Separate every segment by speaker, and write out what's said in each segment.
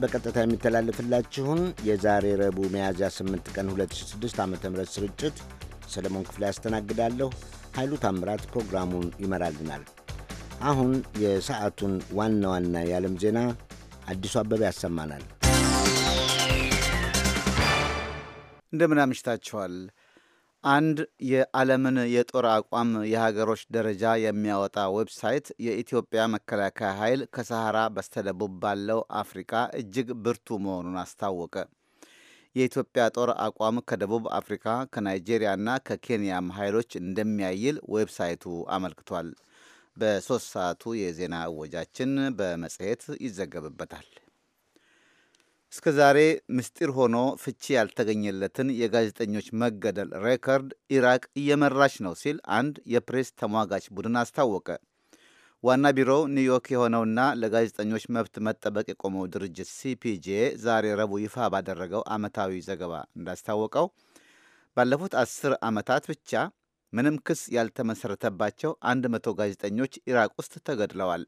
Speaker 1: በቀጥታ የሚተላለፍላችሁን የዛሬ ረቡዕ ሚያዝያ 8 ቀን 2006 ዓ ም ስርጭት ሰለሞን ክፍሌ ያስተናግዳለሁ። ኃይሉ ታምራት ፕሮግራሙን ይመራልናል። አሁን የሰዓቱን ዋና ዋና የዓለም ዜና አዲሱ አበበ ያሰማናል።
Speaker 2: እንደምን አምሽታችኋል። አንድ የዓለምን የጦር አቋም የሀገሮች ደረጃ የሚያወጣ ዌብሳይት የኢትዮጵያ መከላከያ ኃይል ከሰሐራ በስተደቡብ ባለው አፍሪካ እጅግ ብርቱ መሆኑን አስታወቀ። የኢትዮጵያ ጦር አቋም ከደቡብ አፍሪካ ከናይጄሪያና ከኬንያም ኃይሎች እንደሚያይል ዌብሳይቱ አመልክቷል። በሶስት ሰዓቱ የዜና እወጃችን በመጽሔት ይዘገብበታል። እስከ ዛሬ ምስጢር ሆኖ ፍቺ ያልተገኘለትን የጋዜጠኞች መገደል ሬከርድ ኢራቅ እየመራች ነው ሲል አንድ የፕሬስ ተሟጋች ቡድን አስታወቀ። ዋና ቢሮው ኒውዮርክ የሆነውና ለጋዜጠኞች መብት መጠበቅ የቆመው ድርጅት ሲፒጄ ዛሬ ረቡዕ ይፋ ባደረገው ዓመታዊ ዘገባ እንዳስታወቀው ባለፉት አስር ዓመታት ብቻ ምንም ክስ ያልተመሰረተባቸው አንድ መቶ ጋዜጠኞች ኢራቅ ውስጥ ተገድለዋል።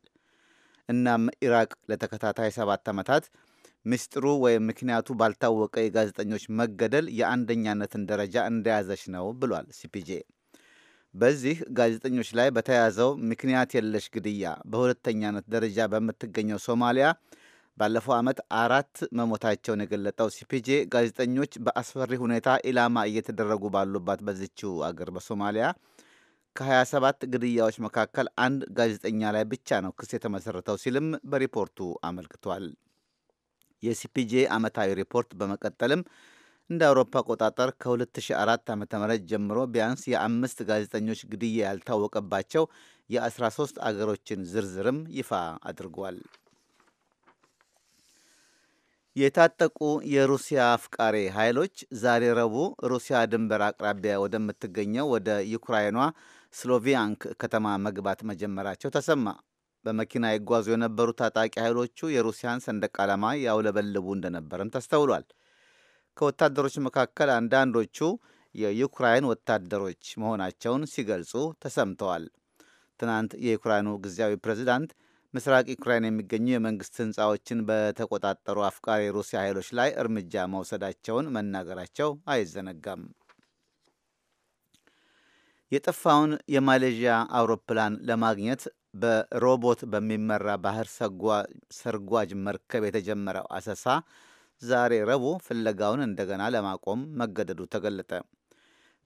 Speaker 2: እናም ኢራቅ ለተከታታይ ሰባት ዓመታት ምስጢሩ ወይም ምክንያቱ ባልታወቀ የጋዜጠኞች መገደል የአንደኛነትን ደረጃ እንደያዘች ነው ብሏል ሲፒጄ። በዚህ ጋዜጠኞች ላይ በተያዘው ምክንያት የለሽ ግድያ በሁለተኛነት ደረጃ በምትገኘው ሶማሊያ ባለፈው ዓመት አራት መሞታቸውን የገለጠው ሲፒጄ ጋዜጠኞች በአስፈሪ ሁኔታ ኢላማ እየተደረጉ ባሉባት በዚችው አገር በሶማሊያ ከ27 ግድያዎች መካከል አንድ ጋዜጠኛ ላይ ብቻ ነው ክስ የተመሠረተው ሲልም በሪፖርቱ አመልክቷል። የሲፒጄ ዓመታዊ ሪፖርት በመቀጠልም እንደ አውሮፓ አቆጣጠር ከ2004 ዓ ም ጀምሮ ቢያንስ የአምስት ጋዜጠኞች ግድያ ያልታወቀባቸው የ13 አገሮችን ዝርዝርም ይፋ አድርጓል። የታጠቁ የሩሲያ አፍቃሪ ኃይሎች ዛሬ ረቡዕ ሩሲያ ድንበር አቅራቢያ ወደምትገኘው ወደ ዩክራይኗ ስሎቪያንክ ከተማ መግባት መጀመራቸው ተሰማ። በመኪና ይጓዙ የነበሩ ታጣቂ ኃይሎቹ የሩሲያን ሰንደቅ ዓላማ ያውለበልቡ እንደነበርም ተስተውሏል። ከወታደሮች መካከል አንዳንዶቹ የዩክራይን ወታደሮች መሆናቸውን ሲገልጹ ተሰምተዋል። ትናንት የዩክራይኑ ጊዜያዊ ፕሬዚዳንት ምስራቅ ዩክራይን የሚገኙ የመንግስት ሕንፃዎችን በተቆጣጠሩ አፍቃሪ የሩሲያ ኃይሎች ላይ እርምጃ መውሰዳቸውን መናገራቸው አይዘነጋም። የጠፋውን የማሌዥያ አውሮፕላን ለማግኘት በሮቦት በሚመራ ባህር ሰርጓጅ መርከብ የተጀመረው አሰሳ ዛሬ ረቡዕ ፍለጋውን እንደገና ለማቆም መገደዱ ተገለጠ።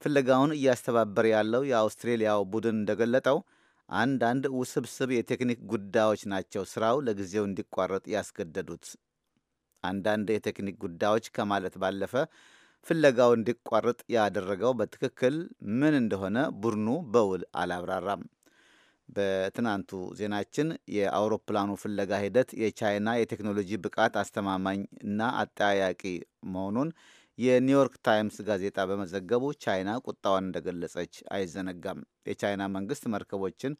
Speaker 2: ፍለጋውን እያስተባበረ ያለው የአውስትሬሊያው ቡድን እንደገለጠው አንዳንድ ውስብስብ የቴክኒክ ጉዳዮች ናቸው ስራው ለጊዜው እንዲቋረጥ ያስገደዱት። አንዳንድ የቴክኒክ ጉዳዮች ከማለት ባለፈ ፍለጋው እንዲቋረጥ ያደረገው በትክክል ምን እንደሆነ ቡድኑ በውል አላብራራም። በትናንቱ ዜናችን የአውሮፕላኑ ፍለጋ ሂደት የቻይና የቴክኖሎጂ ብቃት አስተማማኝ እና አጠያያቂ መሆኑን የኒውዮርክ ታይምስ ጋዜጣ በመዘገቡ ቻይና ቁጣዋን እንደገለጸች አይዘነጋም። የቻይና መንግስት መርከቦችን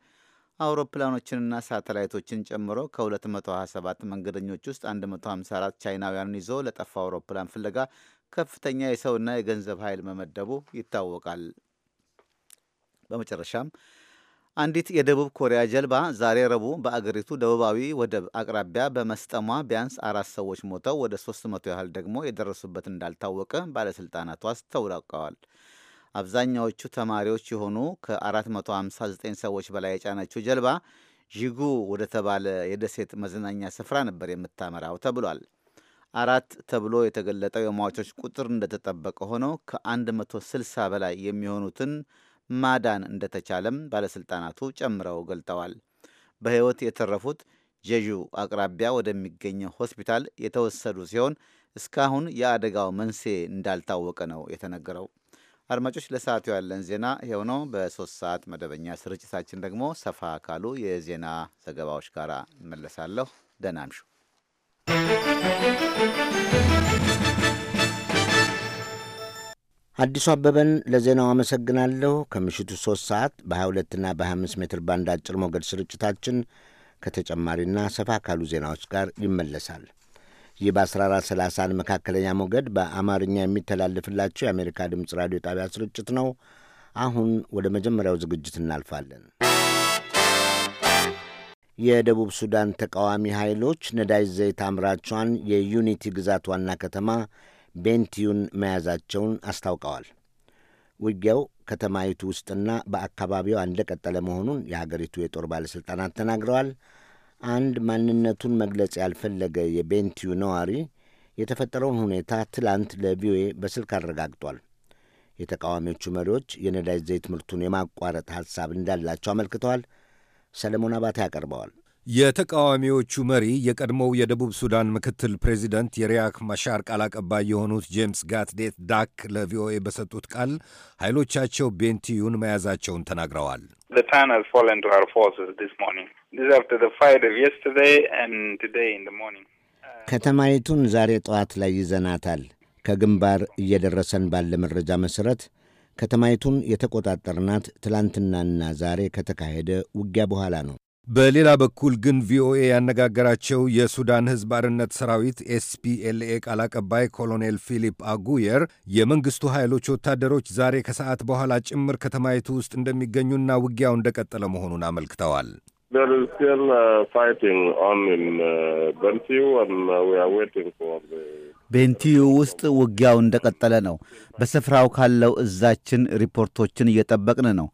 Speaker 2: አውሮፕላኖችንና ሳተላይቶችን ጨምሮ ከ227 መንገደኞች ውስጥ 154 ቻይናውያንን ይዞ ለጠፋ አውሮፕላን ፍለጋ ከፍተኛ የሰውና የገንዘብ ኃይል መመደቡ ይታወቃል። በመጨረሻም አንዲት የደቡብ ኮሪያ ጀልባ ዛሬ ረቡዕ በአገሪቱ ደቡባዊ ወደብ አቅራቢያ በመስጠሟ ቢያንስ አራት ሰዎች ሞተው ወደ 300 ያህል ደግሞ የደረሱበት እንዳልታወቀ ባለሥልጣናቱ አስታውቀዋል። አብዛኛዎቹ ተማሪዎች የሆኑ ከ459 ሰዎች በላይ የጫነችው ጀልባ ዥጉ ወደ ተባለ የደሴት መዝናኛ ስፍራ ነበር የምታመራው ተብሏል። አራት ተብሎ የተገለጠው የሟቾች ቁጥር እንደተጠበቀ ሆነው ከ160 በላይ የሚሆኑትን ማዳን እንደተቻለም ባለሥልጣናቱ ጨምረው ገልጠዋል። በሕይወት የተረፉት ጀዡ አቅራቢያ ወደሚገኘው ሆስፒታል የተወሰዱ ሲሆን እስካሁን የአደጋው መንስኤ እንዳልታወቀ ነው የተነገረው። አድማጮች፣ ለሰዓቱ ያለን ዜና ይኸው ነው። በሶስት ሰዓት መደበኛ ስርጭታችን ደግሞ ሰፋ ካሉ የዜና ዘገባዎች ጋር እመለሳለሁ። ደህና
Speaker 1: አዲሱ አበበን ለዜናው አመሰግናለሁ። ከምሽቱ ሶስት ሰዓት በ22ና በ ሜትር ባንድ አጭር ሞገድ ስርጭታችን ከተጨማሪና ሰፋ ካሉ ዜናዎች ጋር ይመለሳል። ይህ በ1430 መካከለኛ ሞገድ በአማርኛ የሚተላለፍላቸው የአሜሪካ ድምፅ ራዲዮ ጣቢያ ስርጭት ነው። አሁን ወደ መጀመሪያው ዝግጅት እናልፋለን። የደቡብ ሱዳን ተቃዋሚ ኃይሎች ነዳጅ ዘይት አምራቿን የዩኒቲ ግዛት ዋና ከተማ ቤንቲዩን መያዛቸውን አስታውቀዋል። ውጊያው ከተማይቱ ውስጥና በአካባቢው እንደቀጠለ መሆኑን የሀገሪቱ የጦር ባለሥልጣናት ተናግረዋል። አንድ ማንነቱን መግለጽ ያልፈለገ የቤንቲዩ ነዋሪ የተፈጠረውን ሁኔታ ትላንት ለቪኦኤ በስልክ አረጋግጧል። የተቃዋሚዎቹ መሪዎች የነዳጅ ዘይት ምርቱን የማቋረጥ ሐሳብ እንዳላቸው አመልክተዋል። ሰለሞን አባተ ያቀርበዋል።
Speaker 3: የተቃዋሚዎቹ መሪ የቀድሞው የደቡብ ሱዳን ምክትል ፕሬዚደንት የሪያክ ማሻር ቃል አቀባይ የሆኑት ጄምስ ጋትዴት ዳክ ለቪኦኤ በሰጡት ቃል ኃይሎቻቸው ቤንቲዩን መያዛቸውን ተናግረዋል።
Speaker 1: ከተማይቱን ዛሬ ጠዋት ላይ ይዘናታል። ከግንባር እየደረሰን ባለ መረጃ መሠረት ከተማይቱን የተቆጣጠርናት ትላንትናና ዛሬ ከተካሄደ ውጊያ በኋላ ነው።
Speaker 3: በሌላ በኩል ግን ቪኦኤ ያነጋገራቸው የሱዳን ሕዝብ አርነት ሰራዊት ኤስፒኤልኤ ቃል አቀባይ ኮሎኔል ፊሊፕ አጉየር የመንግስቱ ኃይሎች ወታደሮች ዛሬ ከሰዓት በኋላ ጭምር ከተማይቱ ውስጥ እንደሚገኙና ውጊያው እንደቀጠለ መሆኑን አመልክተዋል። ቤንቲዩ
Speaker 2: uh, uh, uh, ውስጥ ውጊያው እንደቀጠለ ነው። በስፍራው ካለው እዛችን ሪፖርቶችን እየጠበቅን ነው።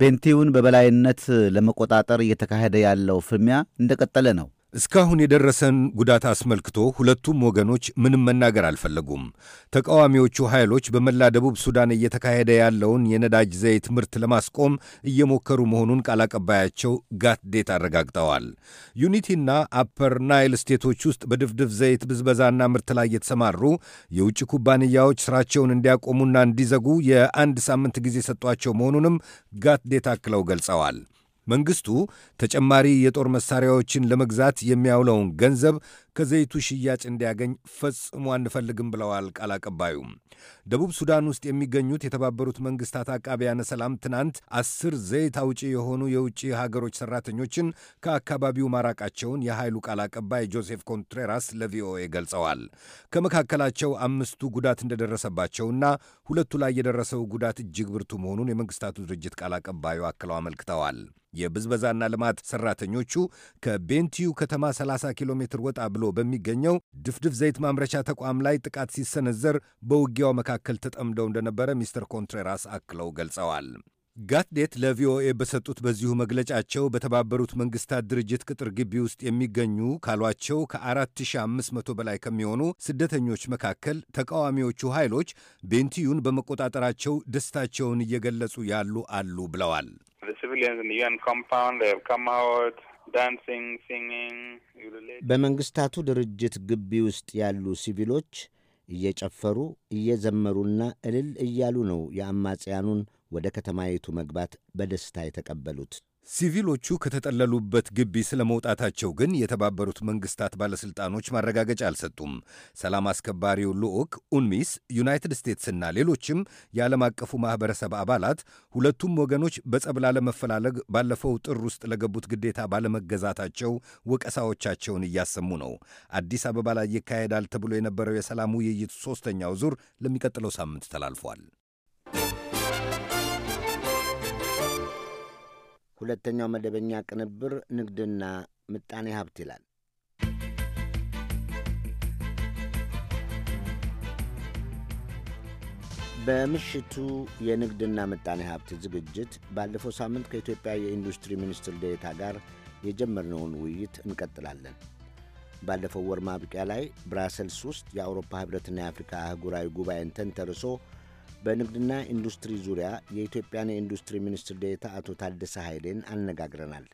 Speaker 2: ቤንቲውን በበላይነት ለመቆጣጠር እየተካሄደ ያለው ፍልሚያ
Speaker 3: እንደቀጠለ ነው። እስካሁን የደረሰን ጉዳት አስመልክቶ ሁለቱም ወገኖች ምንም መናገር አልፈለጉም። ተቃዋሚዎቹ ኃይሎች በመላ ደቡብ ሱዳን እየተካሄደ ያለውን የነዳጅ ዘይት ምርት ለማስቆም እየሞከሩ መሆኑን ቃል አቀባያቸው ጋት ዴት አረጋግጠዋል። ዩኒቲና አፐር ናይል ስቴቶች ውስጥ በድፍድፍ ዘይት ብዝበዛና ምርት ላይ የተሰማሩ የውጭ ኩባንያዎች ስራቸውን እንዲያቆሙና እንዲዘጉ የአንድ ሳምንት ጊዜ ሰጧቸው መሆኑንም ጋት ዴት አክለው ገልጸዋል። መንግሥቱ ተጨማሪ የጦር መሣሪያዎችን ለመግዛት የሚያውለውን ገንዘብ ከዘይቱ ሽያጭ እንዲያገኝ ፈጽሞ አንፈልግም ብለዋል ቃል አቀባዩ። ደቡብ ሱዳን ውስጥ የሚገኙት የተባበሩት መንግስታት አቃቢያነ ሰላም ትናንት አስር ዘይት አውጪ የሆኑ የውጭ ሀገሮች ሰራተኞችን ከአካባቢው ማራቃቸውን የኃይሉ ቃል አቀባይ ጆሴፍ ኮንትሬራስ ለቪኦኤ ገልጸዋል። ከመካከላቸው አምስቱ ጉዳት እንደደረሰባቸውና ሁለቱ ላይ የደረሰው ጉዳት እጅግ ብርቱ መሆኑን የመንግስታቱ ድርጅት ቃል አቀባዩ አክለው አመልክተዋል። የብዝበዛና ልማት ሰራተኞቹ ከቤንቲዩ ከተማ 30 ኪሎ ሜትር ወጣ ብሎ ተብሎ በሚገኘው ድፍድፍ ዘይት ማምረቻ ተቋም ላይ ጥቃት ሲሰነዘር በውጊያው መካከል ተጠምደው እንደነበረ ሚስተር ኮንትሬራስ አክለው ገልጸዋል። ጋትዴት ለቪኦኤ በሰጡት በዚሁ መግለጫቸው በተባበሩት መንግስታት ድርጅት ቅጥር ግቢ ውስጥ የሚገኙ ካሏቸው ከ4500 በላይ ከሚሆኑ ስደተኞች መካከል ተቃዋሚዎቹ ኃይሎች ቤንቲዩን በመቆጣጠራቸው ደስታቸውን እየገለጹ ያሉ አሉ ብለዋል።
Speaker 1: በመንግስታቱ ድርጅት ግቢ ውስጥ ያሉ ሲቪሎች እየጨፈሩ እየዘመሩና እልል እያሉ ነው የአማጽያኑን ወደ ከተማይቱ
Speaker 3: መግባት በደስታ የተቀበሉት። ሲቪሎቹ ከተጠለሉበት ግቢ ስለ መውጣታቸው ግን የተባበሩት መንግስታት ባለሥልጣኖች ማረጋገጫ አልሰጡም። ሰላም አስከባሪው ልዑክ ኡንሚስ፣ ዩናይትድ ስቴትስና ሌሎችም የዓለም አቀፉ ማኅበረሰብ አባላት ሁለቱም ወገኖች በጸብ ላለመፈላለግ ባለፈው ጥር ውስጥ ለገቡት ግዴታ ባለመገዛታቸው ወቀሳዎቻቸውን እያሰሙ ነው። አዲስ አበባ ላይ ይካሄዳል ተብሎ የነበረው የሰላም ውይይት ሦስተኛው ዙር ለሚቀጥለው ሳምንት ተላልፏል።
Speaker 1: ሁለተኛው መደበኛ ቅንብር ንግድና ምጣኔ ሀብት ይላል። በምሽቱ የንግድና ምጣኔ ሀብት ዝግጅት ባለፈው ሳምንት ከኢትዮጵያ የኢንዱስትሪ ሚኒስትር ዴኤታ ጋር የጀመርነውን ውይይት እንቀጥላለን። ባለፈው ወር ማብቂያ ላይ ብራሰልስ ውስጥ የአውሮፓ ህብረትና የአፍሪካ አህጉራዊ ጉባኤን ተንተርሶ በንግድና ኢንዱስትሪ ዙሪያ የኢትዮጵያን የኢንዱስትሪ ሚኒስትር ዴታ አቶ ታደሰ ኃይሌን አነጋግረናል።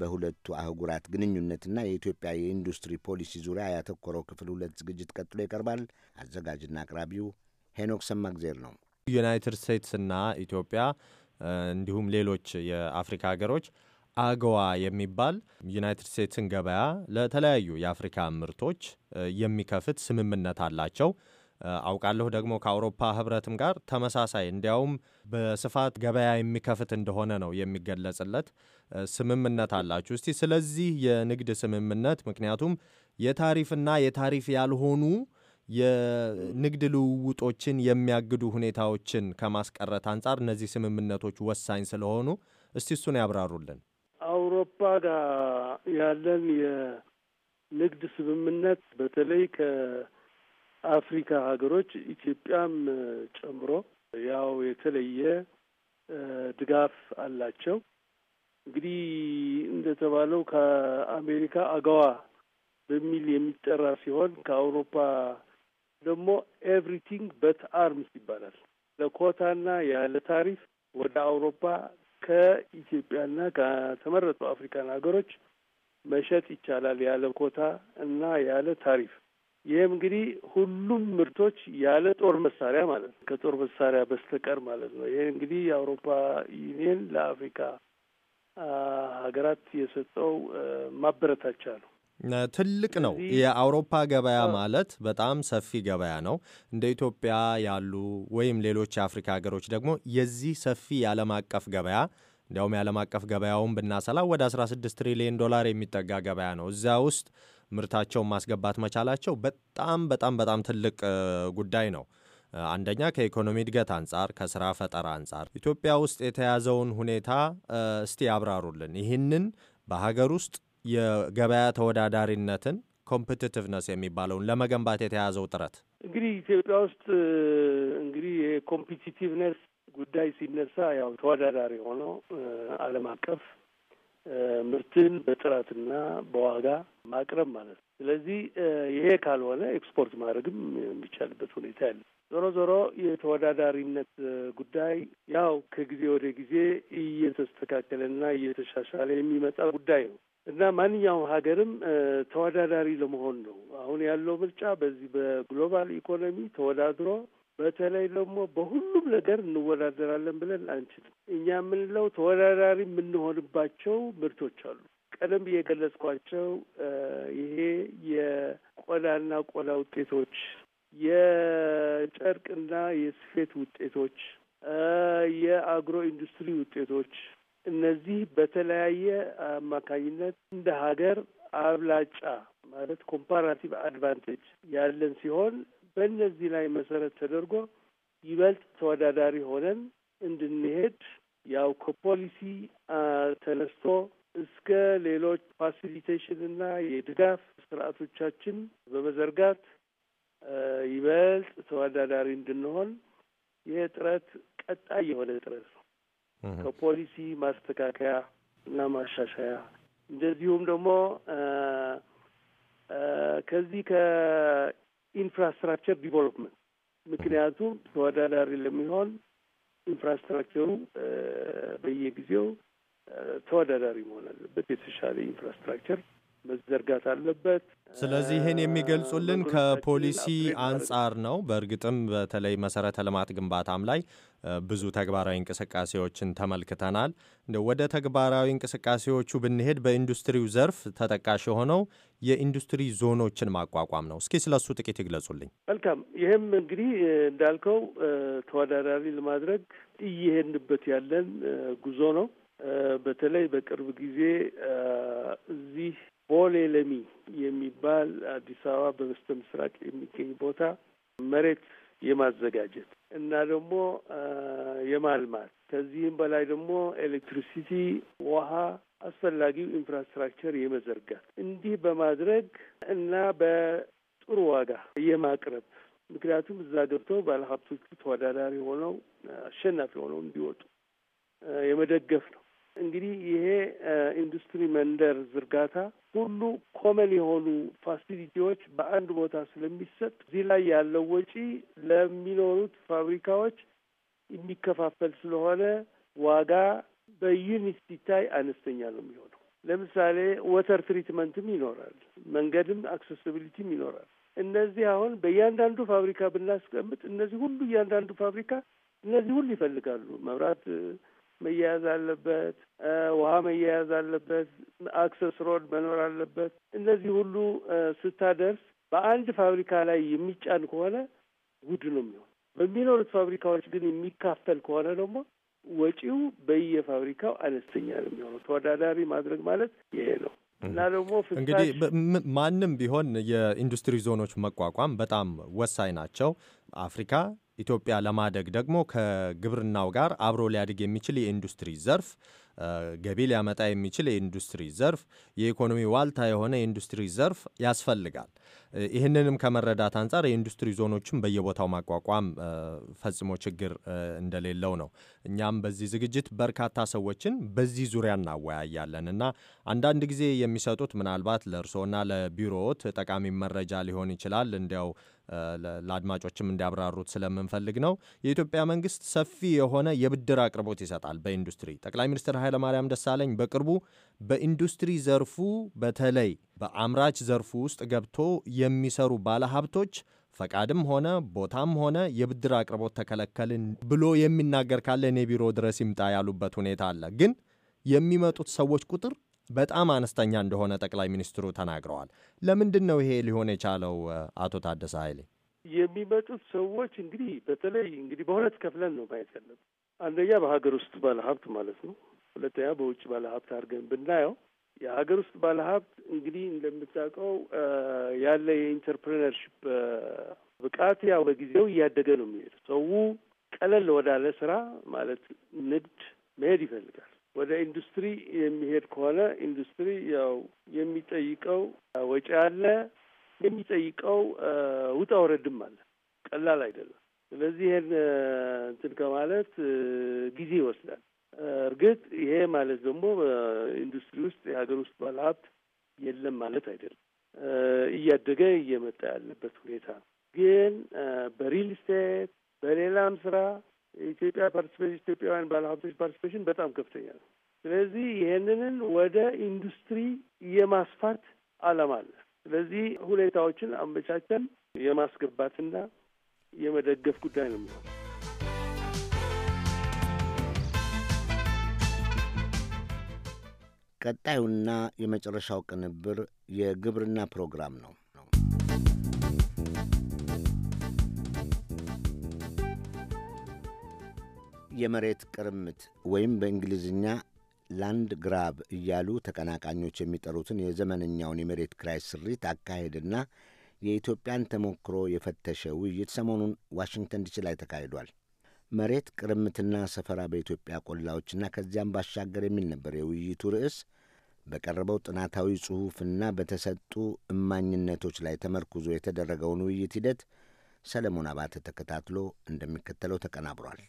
Speaker 1: በሁለቱ አህጉራት ግንኙነትና የኢትዮጵያ የኢንዱስትሪ ፖሊሲ ዙሪያ ያተኮረው ክፍል ሁለት ዝግጅት ቀጥሎ ይቀርባል። አዘጋጅና አቅራቢው ሄኖክ ሰማግዜር ነው።
Speaker 4: ዩናይትድ ስቴትስና ኢትዮጵያ እንዲሁም ሌሎች የአፍሪካ ሀገሮች አገዋ የሚባል ዩናይትድ ስቴትስን ገበያ ለተለያዩ የአፍሪካ ምርቶች የሚከፍት ስምምነት አላቸው። አውቃለሁ ደግሞ ከአውሮፓ ህብረትም ጋር ተመሳሳይ እንዲያውም በስፋት ገበያ የሚከፍት እንደሆነ ነው የሚገለጽለት ስምምነት አላችሁ። እስቲ ስለዚህ የንግድ ስምምነት ምክንያቱም የታሪፍና የታሪፍ ያልሆኑ የንግድ ልውውጦችን የሚያግዱ ሁኔታዎችን ከማስቀረት አንጻር እነዚህ ስምምነቶች ወሳኝ ስለሆኑ እስቲ እሱን ያብራሩልን።
Speaker 5: አውሮፓ ጋር ያለን የንግድ ስምምነት በተለይ አፍሪካ ሀገሮች ኢትዮጵያም ጨምሮ ያው የተለየ ድጋፍ አላቸው። እንግዲህ እንደተባለው ከአሜሪካ አገዋ በሚል የሚጠራ ሲሆን ከአውሮፓ ደግሞ ኤቭሪቲንግ በት አርምስ ይባላል። ለኮታና ያለ ታሪፍ ወደ አውሮፓ ከኢትዮጵያና ከተመረጡ አፍሪካን ሀገሮች መሸጥ ይቻላል ያለ ኮታ እና ያለ ታሪፍ። ይህም እንግዲህ ሁሉም ምርቶች ያለ ጦር መሳሪያ ማለት ነው፣ ከጦር መሳሪያ በስተቀር ማለት ነው። ይህ እንግዲህ የአውሮፓ ዩኒየን ለአፍሪካ ሀገራት የሰጠው ማበረታቻ ነው።
Speaker 4: ትልቅ ነው። የአውሮፓ ገበያ ማለት በጣም ሰፊ ገበያ ነው። እንደ ኢትዮጵያ ያሉ ወይም ሌሎች የአፍሪካ ሀገሮች ደግሞ የዚህ ሰፊ የዓለም አቀፍ ገበያ እንዲያውም የዓለም አቀፍ ገበያውን ብናሰላ ወደ 16 ትሪሊዮን ዶላር የሚጠጋ ገበያ ነው። እዚያ ውስጥ ምርታቸውን ማስገባት መቻላቸው በጣም በጣም በጣም ትልቅ ጉዳይ ነው። አንደኛ ከኢኮኖሚ እድገት አንጻር፣ ከስራ ፈጠራ አንጻር ኢትዮጵያ ውስጥ የተያዘውን ሁኔታ እስቲ ያብራሩልን። ይህንን በሀገር ውስጥ የገበያ ተወዳዳሪነትን ኮምፕቲቲቭነስ የሚባለውን ለመገንባት የተያዘው ጥረት
Speaker 5: እንግዲህ ኢትዮጵያ ውስጥ እንግዲህ የኮምፒቲቲቭነስ ጉዳይ ሲነሳ ያው ተወዳዳሪ የሆነው ዓለም አቀፍ ምርትን በጥራትና በዋጋ ማቅረብ ማለት ነው። ስለዚህ ይሄ ካልሆነ ኤክስፖርት ማድረግም የሚቻልበት ሁኔታ ያለ ዞሮ ዞሮ የተወዳዳሪነት ጉዳይ ያው ከጊዜ ወደ ጊዜ እየተስተካከለና እየተሻሻለ የሚመጣ ጉዳይ ነው እና ማንኛውም ሀገርም ተወዳዳሪ ለመሆን ነው አሁን ያለው ምርጫ። በዚህ በግሎባል ኢኮኖሚ ተወዳድሮ በተለይ ደግሞ በሁሉም ነገር እንወዳደራለን ብለን አንችልም። እኛ የምንለው ተወዳዳሪ የምንሆንባቸው ምርቶች አሉ። ቀደም ብዬ የገለጽኳቸው ይሄ የቆዳና ቆዳ ውጤቶች፣ የጨርቅና የስፌት ውጤቶች፣ የአግሮ ኢንዱስትሪ ውጤቶች እነዚህ በተለያየ አማካኝነት እንደ ሀገር አብላጫ ማለት ኮምፓራቲቭ አድቫንቴጅ ያለን ሲሆን በእነዚህ ላይ መሰረት ተደርጎ ይበልጥ ተወዳዳሪ ሆነን እንድንሄድ ያው ከፖሊሲ ተነስቶ እስከ ሌሎች ፋሲሊቴሽን እና የድጋፍ ስርዓቶቻችን በመዘርጋት ይበልጥ ተወዳዳሪ እንድንሆን ይህ ጥረት ቀጣይ የሆነ ጥረት ነው። ከፖሊሲ ማስተካከያ እና ማሻሻያ እንደዚሁም ደግሞ ከዚህ ኢንፍራስትራክቸር ዲቨሎፕመንት። ምክንያቱም ተወዳዳሪ ለሚሆን ኢንፍራስትራክቸሩ በየጊዜው ተወዳዳሪ መሆን አለበት። የተሻለ ኢንፍራስትራክቸር መዘርጋት አለበት።
Speaker 4: ስለዚህ ይህን የሚገልጹልን ከፖሊሲ አንጻር ነው። በእርግጥም በተለይ መሰረተ ልማት ግንባታም ላይ ብዙ ተግባራዊ እንቅስቃሴዎችን ተመልክተናል። ወደ ተግባራዊ እንቅስቃሴዎቹ ብንሄድ በኢንዱስትሪው ዘርፍ ተጠቃሽ የሆነው የኢንዱስትሪ ዞኖችን ማቋቋም ነው። እስኪ ስለሱ ጥቂት ይግለጹልኝ።
Speaker 5: መልካም። ይህም እንግዲህ እንዳልከው ተወዳዳሪ ለማድረግ እየሄድንበት ያለን ጉዞ ነው። በተለይ በቅርብ ጊዜ እዚህ ቦሌ ለሚ የሚባል አዲስ አበባ በበስተ ምስራቅ የሚገኝ ቦታ መሬት የማዘጋጀት እና ደግሞ የማልማት ከዚህም በላይ ደግሞ ኤሌክትሪሲቲ፣ ውሃ፣ አስፈላጊው ኢንፍራስትራክቸር የመዘርጋት እንዲህ በማድረግ እና በጥሩ ዋጋ የማቅረብ ምክንያቱም እዛ ገብተው ባለሀብቶቹ ተወዳዳሪ ሆነው አሸናፊ ሆነው እንዲወጡ የመደገፍ ነው። እንግዲህ ይሄ ኢንዱስትሪ መንደር ዝርጋታ ሁሉ ኮመን የሆኑ ፋሲሊቲዎች በአንድ ቦታ ስለሚሰጥ እዚህ ላይ ያለው ወጪ ለሚኖሩት ፋብሪካዎች የሚከፋፈል ስለሆነ ዋጋ በዩኒት ሲታይ አነስተኛ ነው የሚሆነው። ለምሳሌ ወተር ትሪትመንትም ይኖራል፣ መንገድም አክሴሲቢሊቲም ይኖራል። እነዚህ አሁን በእያንዳንዱ ፋብሪካ ብናስቀምጥ እነዚህ ሁሉ እያንዳንዱ ፋብሪካ እነዚህ ሁሉ ይፈልጋሉ መብራት መያያዝ አለበት፣ ውሃ መያያዝ አለበት፣ አክሰስ ሮድ መኖር አለበት። እነዚህ ሁሉ ስታደርስ በአንድ ፋብሪካ ላይ የሚጫን ከሆነ ውድ ነው የሚሆን። በሚኖሩት ፋብሪካዎች ግን የሚካፈል ከሆነ ደግሞ ወጪው በየፋብሪካው አነስተኛ ነው የሚሆነው። ተወዳዳሪ ማድረግ ማለት ይሄ ነው። እና ደግሞ እንግዲህ
Speaker 4: ማንም ቢሆን የኢንዱስትሪ ዞኖች መቋቋም በጣም ወሳኝ ናቸው። አፍሪካ ኢትዮጵያ ለማደግ ደግሞ ከግብርናው ጋር አብሮ ሊያድግ የሚችል የኢንዱስትሪ ዘርፍ ገቢ ሊያመጣ የሚችል የኢንዱስትሪ ዘርፍ የኢኮኖሚ ዋልታ የሆነ የኢንዱስትሪ ዘርፍ ያስፈልጋል። ይህንንም ከመረዳት አንጻር የኢንዱስትሪ ዞኖችን በየቦታው ማቋቋም ፈጽሞ ችግር እንደሌለው ነው። እኛም በዚህ ዝግጅት በርካታ ሰዎችን በዚህ ዙሪያ እናወያያለን እና አንዳንድ ጊዜ የሚሰጡት ምናልባት ለእርስዎና ለቢሮዎት ጠቃሚ መረጃ ሊሆን ይችላል እንዲያው ለአድማጮችም እንዲያብራሩት ስለምንፈልግ ነው። የኢትዮጵያ መንግስት ሰፊ የሆነ የብድር አቅርቦት ይሰጣል በኢንዱስትሪ። ጠቅላይ ሚኒስትር ኃይለማርያም ደሳለኝ በቅርቡ በኢንዱስትሪ ዘርፉ በተለይ በአምራች ዘርፉ ውስጥ ገብቶ የሚሰሩ ባለሀብቶች ፈቃድም ሆነ ቦታም ሆነ የብድር አቅርቦት ተከለከልን ብሎ የሚናገር ካለ እኔ ቢሮ ድረስ ይምጣ ያሉበት ሁኔታ አለ። ግን የሚመጡት ሰዎች ቁጥር በጣም አነስተኛ እንደሆነ ጠቅላይ ሚኒስትሩ ተናግረዋል። ለምንድን ነው ይሄ ሊሆን የቻለው? አቶ ታደሰ ኃይሌ
Speaker 5: የሚመጡት ሰዎች እንግዲህ በተለይ እንግዲህ በሁለት ከፍለን ነው ማየት ያለብን። አንደኛ በሀገር ውስጥ ባለሀብት ማለት ነው። ሁለተኛ በውጭ ባለሀብት አድርገን ብናየው የሀገር ውስጥ ባለሀብት እንግዲህ እንደምታውቀው ያለ የኢንተርፕሬነርሽፕ ብቃት ያው በጊዜው እያደገ ነው የሚሄድ። ሰው ቀለል ወዳለ ስራ ማለት ንግድ መሄድ ይፈልጋል። ወደ ኢንዱስትሪ የሚሄድ ከሆነ ኢንዱስትሪ ያው የሚጠይቀው ወጪ አለ፣ የሚጠይቀው ውጣ ውረድም አለ። ቀላል አይደለም። ስለዚህ ይሄን እንትን ከማለት ጊዜ ይወስዳል። እርግጥ ይሄ ማለት ደግሞ ኢንዱስትሪ ውስጥ የሀገር ውስጥ ባለሀብት የለም ማለት አይደለም። እያደገ እየመጣ ያለበት ሁኔታ ነው። ግን በሪል ስቴት በሌላም ስራ የኢትዮጵያ ፓርቲስፔሽን ኢትዮጵያውያን ባለሀብቶች ፓርቲስፔሽን በጣም ከፍተኛ ነው። ስለዚህ ይህንንን ወደ ኢንዱስትሪ የማስፋት አላማ አለ። ስለዚህ ሁኔታዎችን አመቻቸን የማስገባትና የመደገፍ ጉዳይ ነው የሚሆን።
Speaker 1: ቀጣዩና የመጨረሻው ቅንብር የግብርና ፕሮግራም ነው። የመሬት ቅርምት ወይም በእንግሊዝኛ ላንድ ግራብ እያሉ ተቀናቃኞች የሚጠሩትን የዘመነኛውን የመሬት ክራይ ስሪት አካሄድና የኢትዮጵያን ተሞክሮ የፈተሸ ውይይት ሰሞኑን ዋሽንግተን ዲሲ ላይ ተካሂዷል። መሬት ቅርምትና ሰፈራ በኢትዮጵያ ቆላዎችና ከዚያም ባሻገር የሚል ነበር የውይይቱ ርዕስ። በቀረበው ጥናታዊ ጽሑፍና በተሰጡ እማኝነቶች ላይ ተመርኩዞ የተደረገውን ውይይት ሂደት ሰለሞን
Speaker 3: አባተ ተከታትሎ እንደሚከተለው ተቀናብሯል።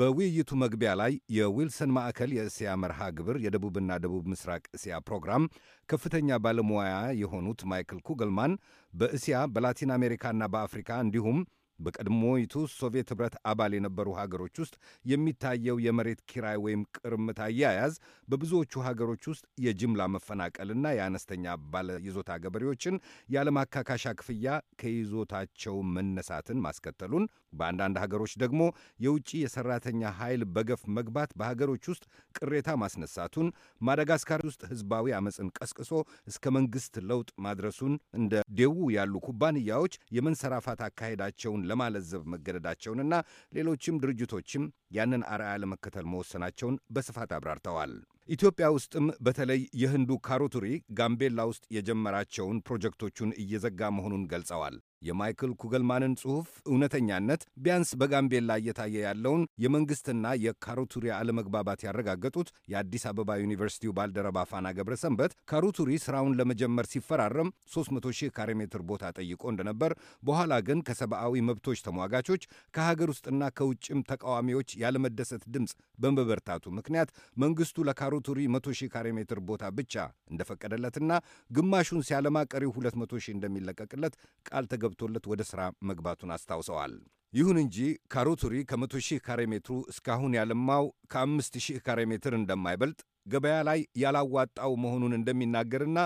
Speaker 3: በውይይቱ መግቢያ ላይ የዊልሰን ማዕከል የእስያ መርሃ ግብር የደቡብና ደቡብ ምስራቅ እስያ ፕሮግራም ከፍተኛ ባለሙያ የሆኑት ማይክል ኩገልማን በእስያ በላቲን አሜሪካና በአፍሪካ እንዲሁም በቀድሞይቱ ሶቪየት ኅብረት አባል የነበሩ ሀገሮች ውስጥ የሚታየው የመሬት ኪራይ ወይም ቅርምት አያያዝ በብዙዎቹ ሀገሮች ውስጥ የጅምላ መፈናቀልና የአነስተኛ ባለይዞታ ገበሬዎችን ያለማካካሻ ክፍያ ከይዞታቸው መነሳትን ማስከተሉን በአንዳንድ ሀገሮች ደግሞ የውጭ የሰራተኛ ኃይል በገፍ መግባት በሀገሮች ውስጥ ቅሬታ ማስነሳቱን፣ ማዳጋስካር ውስጥ ህዝባዊ አመፅን ቀስቅሶ እስከ መንግስት ለውጥ ማድረሱን፣ እንደ ዴው ያሉ ኩባንያዎች የመንሰራፋት አካሄዳቸውን ለማለዘብ መገደዳቸውንና ሌሎችም ድርጅቶችም ያንን አርአያ ለመከተል መወሰናቸውን በስፋት አብራርተዋል። ኢትዮጵያ ውስጥም በተለይ የህንዱ ካሮቱሪ ጋምቤላ ውስጥ የጀመራቸውን ፕሮጀክቶቹን እየዘጋ መሆኑን ገልጸዋል። የማይክል ኩገልማንን ጽሑፍ እውነተኛነት ቢያንስ በጋምቤላ እየታየ ያለውን የመንግሥትና የካሩቱሪ አለመግባባት ያረጋገጡት የአዲስ አበባ ዩኒቨርሲቲው ባልደረባ ፋና ገብረ ሰንበት ካሩቱሪ ስራውን ለመጀመር ሲፈራረም 300 ሺህ ካሬ ሜትር ቦታ ጠይቆ እንደነበር፣ በኋላ ግን ከሰብአዊ መብቶች ተሟጋቾች ከሀገር ውስጥና ከውጭም ተቃዋሚዎች ያለመደሰት ድምፅ በመበርታቱ ምክንያት መንግሥቱ ለካሩቱሪ 100 ሺህ ካሬ ሜትር ቦታ ብቻ እንደፈቀደለትና ግማሹን ሲያለማ ቀሪው 200 ሺህ እንደሚለቀቅለት ቃል ተገብ ገብቶለት ወደ ሥራ መግባቱን አስታውሰዋል። ይሁን እንጂ ካሮቱሪ ከመቶ ሺህ ካሬ ሜትሩ እስካሁን ያለማው ከአምስት ሺህ ካሬ ሜትር እንደማይበልጥ ገበያ ላይ ያላዋጣው መሆኑን እንደሚናገርና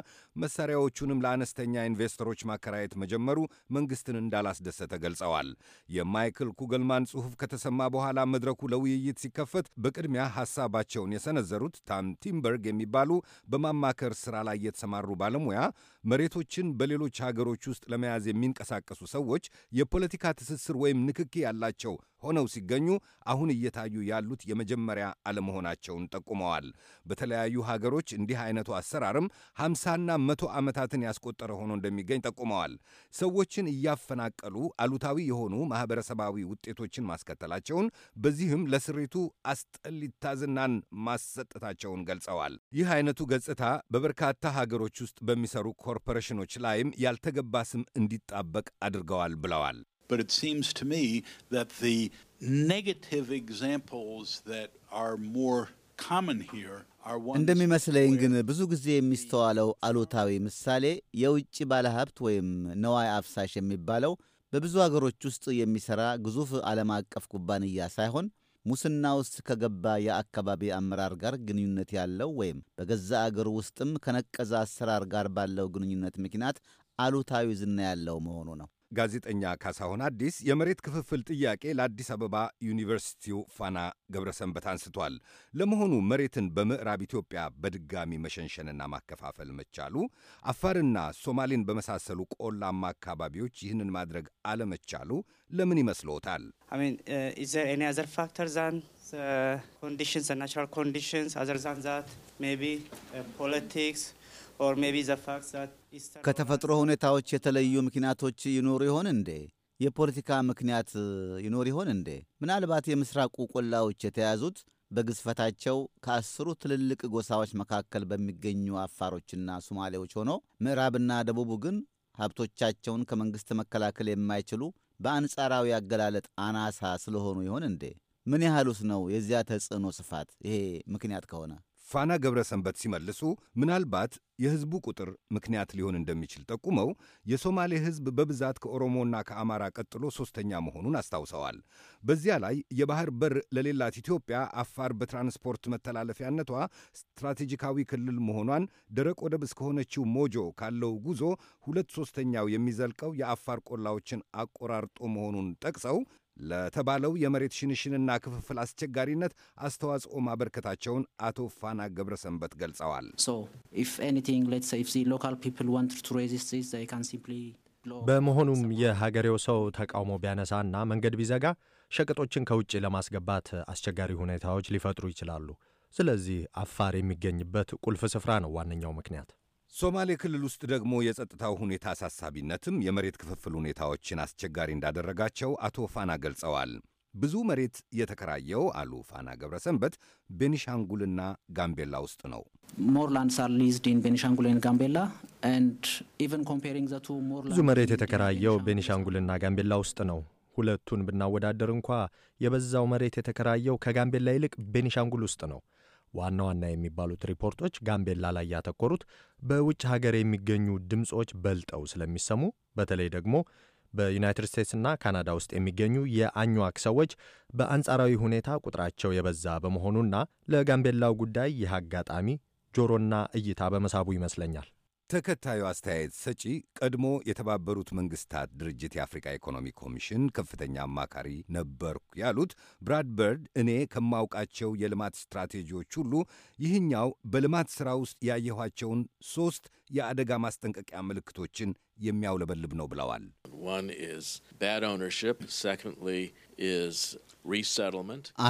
Speaker 3: መሳሪያዎቹንም ለአነስተኛ ኢንቨስተሮች ማከራየት መጀመሩ መንግስትን እንዳላስደሰተ ገልጸዋል። የማይክል ኩገልማን ጽሑፍ ከተሰማ በኋላ መድረኩ ለውይይት ሲከፈት በቅድሚያ ሐሳባቸውን የሰነዘሩት ታም ቲምበርግ የሚባሉ በማማከር ሥራ ላይ የተሰማሩ ባለሙያ መሬቶችን በሌሎች ሀገሮች ውስጥ ለመያዝ የሚንቀሳቀሱ ሰዎች የፖለቲካ ትስስር ወይም ንክኪ ያላቸው ሆነው ሲገኙ አሁን እየታዩ ያሉት የመጀመሪያ አለመሆናቸውን ጠቁመዋል። በተለያዩ ሀገሮች እንዲህ አይነቱ አሰራርም ሃምሳና መቶ ዓመታትን ያስቆጠረ ሆኖ እንደሚገኝ ጠቁመዋል። ሰዎችን እያፈናቀሉ አሉታዊ የሆኑ ማህበረሰባዊ ውጤቶችን ማስከተላቸውን በዚህም ለስሪቱ አስጠሊታ ዝናን ማሰጠታቸውን ገልጸዋል። ይህ አይነቱ ገጽታ በበርካታ ሀገሮች ውስጥ በሚሰሩ ኮርፖሬሽኖች ላይም ያልተገባ ስም እንዲጣበቅ አድርገዋል ብለዋል። But it seems to me that the negative examples that are more
Speaker 5: common here እንደሚመስለኝ
Speaker 2: ግን ብዙ ጊዜ የሚስተዋለው አሉታዊ ምሳሌ የውጭ ባለሀብት ወይም ነዋይ አፍሳሽ የሚባለው በብዙ አገሮች ውስጥ የሚሠራ ግዙፍ ዓለም አቀፍ ኩባንያ ሳይሆን ሙስና ውስጥ ከገባ የአካባቢ አመራር ጋር ግንኙነት ያለው ወይም በገዛ አገር ውስጥም ከነቀዘ አሰራር ጋር ባለው ግንኙነት
Speaker 3: ምክንያት አሉታዊ ዝና ያለው መሆኑ ነው። ጋዜጠኛ ካሳሁን አዲስ የመሬት ክፍፍል ጥያቄ ለአዲስ አበባ ዩኒቨርሲቲው ፋና ገብረሰንበት አንስቷል። ለመሆኑ መሬትን በምዕራብ ኢትዮጵያ በድጋሚ መሸንሸንና ማከፋፈል መቻሉ፣ አፋርና ሶማሌን በመሳሰሉ ቆላማ አካባቢዎች ይህንን ማድረግ አለመቻሉ ለምን ይመስልዎታል?
Speaker 2: Uh, ከተፈጥሮ ሁኔታዎች የተለዩ ምክንያቶች ይኖሩ ይሆን እንዴ? የፖለቲካ ምክንያት ይኖር ይሆን እንዴ? ምናልባት የምስራቁ ቆላዎች የተያዙት በግዝፈታቸው ከአስሩ ትልልቅ ጎሳዎች መካከል በሚገኙ አፋሮችና ሱማሌዎች ሆኖ ምዕራብና ደቡቡ ግን ሀብቶቻቸውን ከመንግሥት መከላከል የማይችሉ በአንጻራዊ አገላለጥ አናሳ ስለሆኑ ይሆን እንዴ? ምን ያህሉስ ነው የዚያ ተጽዕኖ ስፋት? ይሄ
Speaker 3: ምክንያት ከሆነ ፋና ገብረ ሰንበት ሲመልሱ ምናልባት የህዝቡ ቁጥር ምክንያት ሊሆን እንደሚችል ጠቁመው የሶማሌ ህዝብ በብዛት ከኦሮሞና ከአማራ ቀጥሎ ሦስተኛ መሆኑን አስታውሰዋል። በዚያ ላይ የባህር በር ለሌላት ኢትዮጵያ አፋር በትራንስፖርት መተላለፊያነቷ ስትራቴጂካዊ ክልል መሆኗን ደረቅ ወደብ እስከሆነችው ሞጆ ካለው ጉዞ ሁለት ሦስተኛው የሚዘልቀው የአፋር ቆላዎችን አቆራርጦ መሆኑን ጠቅሰው ለተባለው የመሬት ሽንሽንና ክፍፍል አስቸጋሪነት አስተዋጽኦ ማበርከታቸውን አቶ ፋና ገብረሰንበት ገልጸዋል።
Speaker 4: በመሆኑም የሀገሬው ሰው ተቃውሞ ቢያነሳና መንገድ ቢዘጋ ሸቀጦችን ከውጭ ለማስገባት አስቸጋሪ ሁኔታዎች ሊፈጥሩ ይችላሉ። ስለዚህ አፋር የሚገኝበት ቁልፍ ስፍራ ነው ዋነኛው ምክንያት።
Speaker 3: ሶማሌ ክልል ውስጥ ደግሞ የጸጥታው ሁኔታ አሳሳቢነትም የመሬት ክፍፍል ሁኔታዎችን አስቸጋሪ እንዳደረጋቸው አቶ ፋና ገልጸዋል። ብዙ መሬት የተከራየው አሉ ፋና ገብረሰንበት ቤኒሻንጉልና
Speaker 4: ጋምቤላ ውስጥ ነው። ብዙ መሬት የተከራየው ቤኒሻንጉልና ጋምቤላ ውስጥ ነው። ሁለቱን ብናወዳደር እንኳ የበዛው መሬት የተከራየው ከጋምቤላ ይልቅ ቤኒሻንጉል ውስጥ ነው። ዋና ዋና የሚባሉት ሪፖርቶች ጋምቤላ ላይ ያተኮሩት በውጭ ሀገር የሚገኙ ድምፆች በልጠው ስለሚሰሙ በተለይ ደግሞ በዩናይትድ ስቴትስና ካናዳ ውስጥ የሚገኙ የአኟዋክ ሰዎች በአንጻራዊ ሁኔታ ቁጥራቸው የበዛ በመሆኑና ለጋምቤላው ጉዳይ ይህ አጋጣሚ ጆሮና እይታ በመሳቡ ይመስለኛል።
Speaker 3: ተከታዩ አስተያየት ሰጪ ቀድሞ የተባበሩት መንግስታት ድርጅት የአፍሪካ ኢኮኖሚ ኮሚሽን ከፍተኛ አማካሪ ነበርኩ ያሉት ብራድ በርድ እኔ ከማውቃቸው የልማት ስትራቴጂዎች ሁሉ ይህኛው በልማት ሥራ ውስጥ ያየኋቸውን ሦስት የአደጋ ማስጠንቀቂያ ምልክቶችን የሚያውለበልብ ነው ብለዋል።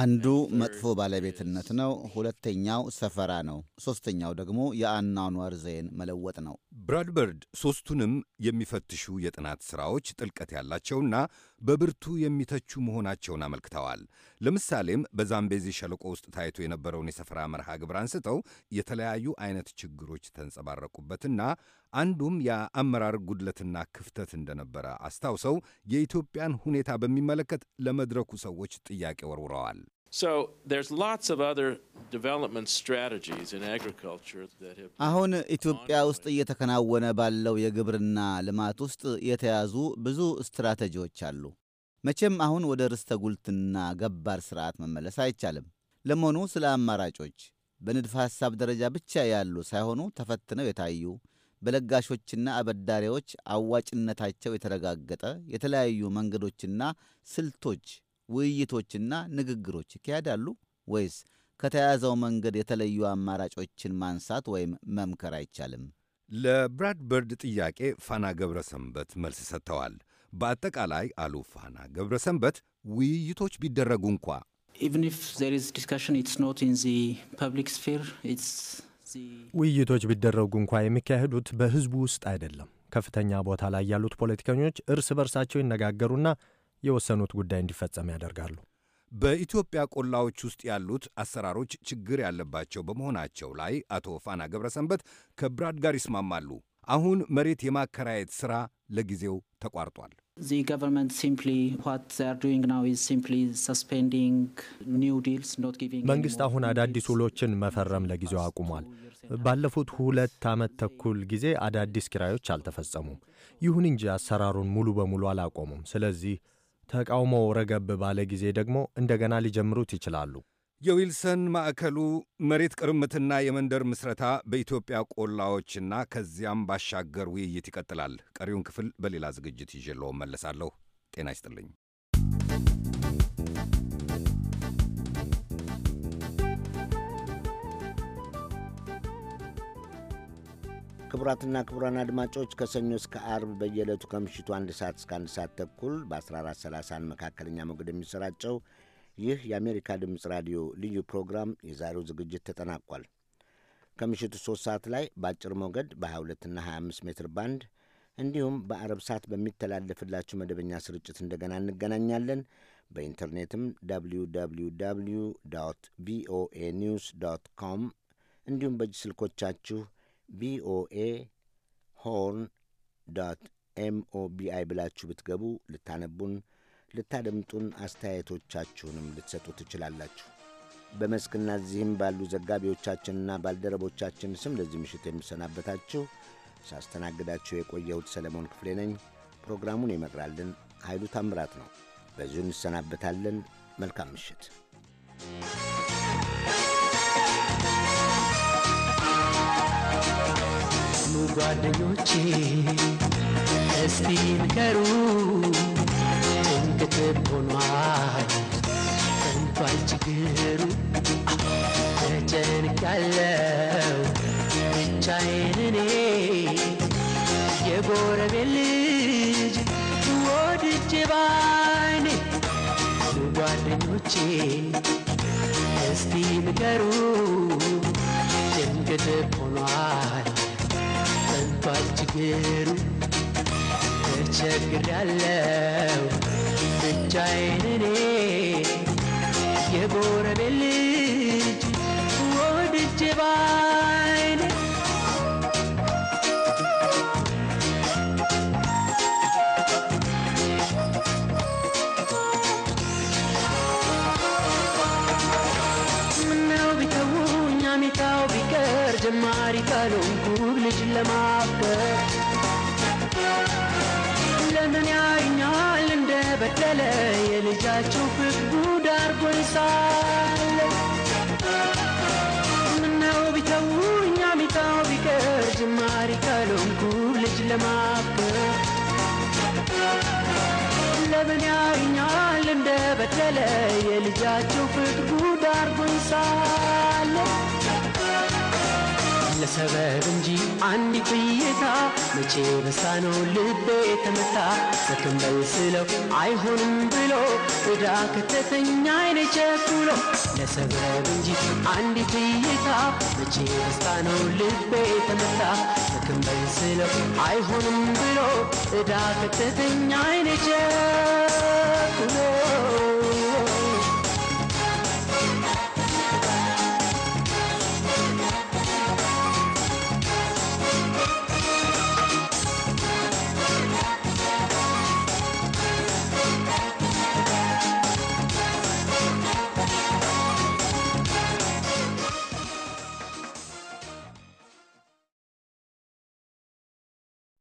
Speaker 2: አንዱ መጥፎ ባለቤትነት ነው። ሁለተኛው ሰፈራ ነው። ሦስተኛው ደግሞ የአኗኗር ዘይን መለወጥ ነው። ብራድበርድ
Speaker 3: ሦስቱንም የሚፈትሹ የጥናት ሥራዎች ጥልቀት ያላቸውና በብርቱ የሚተቹ መሆናቸውን አመልክተዋል። ለምሳሌም በዛምቤዚ ሸለቆ ውስጥ ታይቶ የነበረውን የሰፈራ መርሃ ግብር አንስተው የተለያዩ አይነት ችግሮች ተንጸባረቁበትና አንዱም የአመራር ጉድለትና ክፍተት እንደነበረ አስታውሰው የኢትዮጵያን ሁኔታ በሚመለከት ለመድረኩ ሰዎች ጥያቄ ወርውረዋል።
Speaker 2: አሁን ኢትዮጵያ ውስጥ እየተከናወነ ባለው የግብርና ልማት ውስጥ የተያዙ ብዙ ስትራቴጂዎች አሉ። መቼም አሁን ወደ ርስተ ጉልትና ገባር ስርዓት መመለስ አይቻልም። ለመሆኑ ስለ አማራጮች በንድፈ ሐሳብ ደረጃ ብቻ ያሉ ሳይሆኑ ተፈትነው የታዩ በለጋሾችና አበዳሪዎች አዋጭነታቸው የተረጋገጠ የተለያዩ መንገዶችና ስልቶች ውይይቶችና ንግግሮች ይካሄዳሉ ወይስ ከተያዘው መንገድ
Speaker 3: የተለዩ አማራጮችን ማንሳት ወይም መምከር አይቻልም? ለብራድበርድ ጥያቄ ፋና ገብረ ሰንበት መልስ ሰጥተዋል። በአጠቃላይ አሉ ፋና ገብረ ሰንበት ውይይቶች ቢደረጉ እንኳ
Speaker 4: ውይይቶች ቢደረጉ እንኳ የሚካሄዱት በሕዝቡ ውስጥ አይደለም። ከፍተኛ ቦታ ላይ ያሉት ፖለቲከኞች እርስ በርሳቸው ይነጋገሩና የወሰኑት ጉዳይ እንዲፈጸም ያደርጋሉ።
Speaker 3: በኢትዮጵያ ቆላዎች ውስጥ ያሉት አሰራሮች ችግር ያለባቸው በመሆናቸው ላይ አቶ ፋና ገብረሰንበት ከብራድ ጋር ይስማማሉ። አሁን መሬት የማከራየት ስራ ለጊዜው ተቋርጧል።
Speaker 2: መንግስት
Speaker 4: አሁን አዳዲስ ውሎችን መፈረም ለጊዜው አቁሟል። ባለፉት ሁለት ዓመት ተኩል ጊዜ አዳዲስ ኪራዮች አልተፈጸሙም። ይሁን እንጂ አሰራሩን ሙሉ በሙሉ አላቆሙም። ስለዚህ ተቃውሞ ረገብ ባለ ጊዜ ደግሞ እንደገና ሊጀምሩት ይችላሉ።
Speaker 3: የዊልሰን ማዕከሉ መሬት ቅርምትና የመንደር ምስረታ በኢትዮጵያ ቆላዎችና ከዚያም ባሻገር ውይይት ይቀጥላል። ቀሪውን ክፍል በሌላ ዝግጅት ይዤለው መለሳለሁ። ጤና ይስጥልኝ።
Speaker 1: ክቡራትና ክቡራን አድማጮች ከሰኞ እስከ አርብ በየዕለቱ ከምሽቱ አንድ ሰዓት እስከ አንድ ሰዓት ተኩል በ1430 መካከለኛ ሞገድ የሚሰራጨው ይህ የአሜሪካ ድምፅ ራዲዮ ልዩ ፕሮግራም የዛሬው ዝግጅት ተጠናቋል። ከምሽቱ 3 ሰዓት ላይ በአጭር ሞገድ በ22ና 25 ሜትር ባንድ እንዲሁም በአረብ ሰዓት በሚተላለፍላችሁ መደበኛ ስርጭት እንደገና እንገናኛለን። በኢንተርኔትም www ቪኦኤ ኒውስ ዶት ኮም እንዲሁም በእጅ ስልኮቻችሁ ቪኦኤ ሆርን ዶት ኤምኦቢአይ ብላችሁ ብትገቡ ልታነቡን፣ ልታደምጡን፣ አስተያየቶቻችሁንም ልትሰጡ ትችላላችሁ። በመስክና እዚህም ባሉ ዘጋቢዎቻችንና ባልደረቦቻችን ስም ለዚህ ምሽት የምሰናበታችሁ ሳስተናግዳችሁ የቆየሁት ሰለሞን ክፍሌ ነኝ። ፕሮግራሙን ይመራልን ኃይሉ ታምራት ነው። በዚሁ እንሰናበታለን። መልካም ምሽት።
Speaker 5: ጓደኞቼ
Speaker 2: እስቲ ንገሩ እንቅጥብ ሆኗል እንኳን ችግሩ ያለው ብቻዬን እኔ የጎረቤ ልጅ ወድጄ ባይኔ ጓደኞቼ እስቲ ንገሩ ጭንቅጥብ ሆኗል እንኳን ችግሩ ተቸግሬያለሁ ብቻዬን እኔ የጎረቤት ልጅ
Speaker 5: ወድጄ ባ
Speaker 4: ተማሪ ካልሆንኩ ልጅን ለማፍቀር
Speaker 2: ለምን ያይኛል እንደበደለ የልጃችሁ የልጃቸው ጉድ አርጎኝ ሳለ
Speaker 5: ምነው ቢተውኝ አሚታው ቢቀር ጅማሪ ካልሆንኩ ልጅ
Speaker 2: ለማፍቀር ለምን ያይኛል እንደበደለ የልጃችሁ ፍቅር ጉድ አርጎኝ ሳለ ለሰበብ እንጂ አንዲት እይታ መቼ በሳ ነው ልቤ ተመታ ዘክም በል ስለው አይሆንም ብሎ እዳ ከተተኛ አይኔ ቸኩሎ ለሰበብ እንጂ አንዲት እይታ መቼ በሳ ነው ልቤ ተመታ ዘክም በል ስለው አይሆንም ብሎ እዳ ከተተኛ አይኔ ቸኩሎ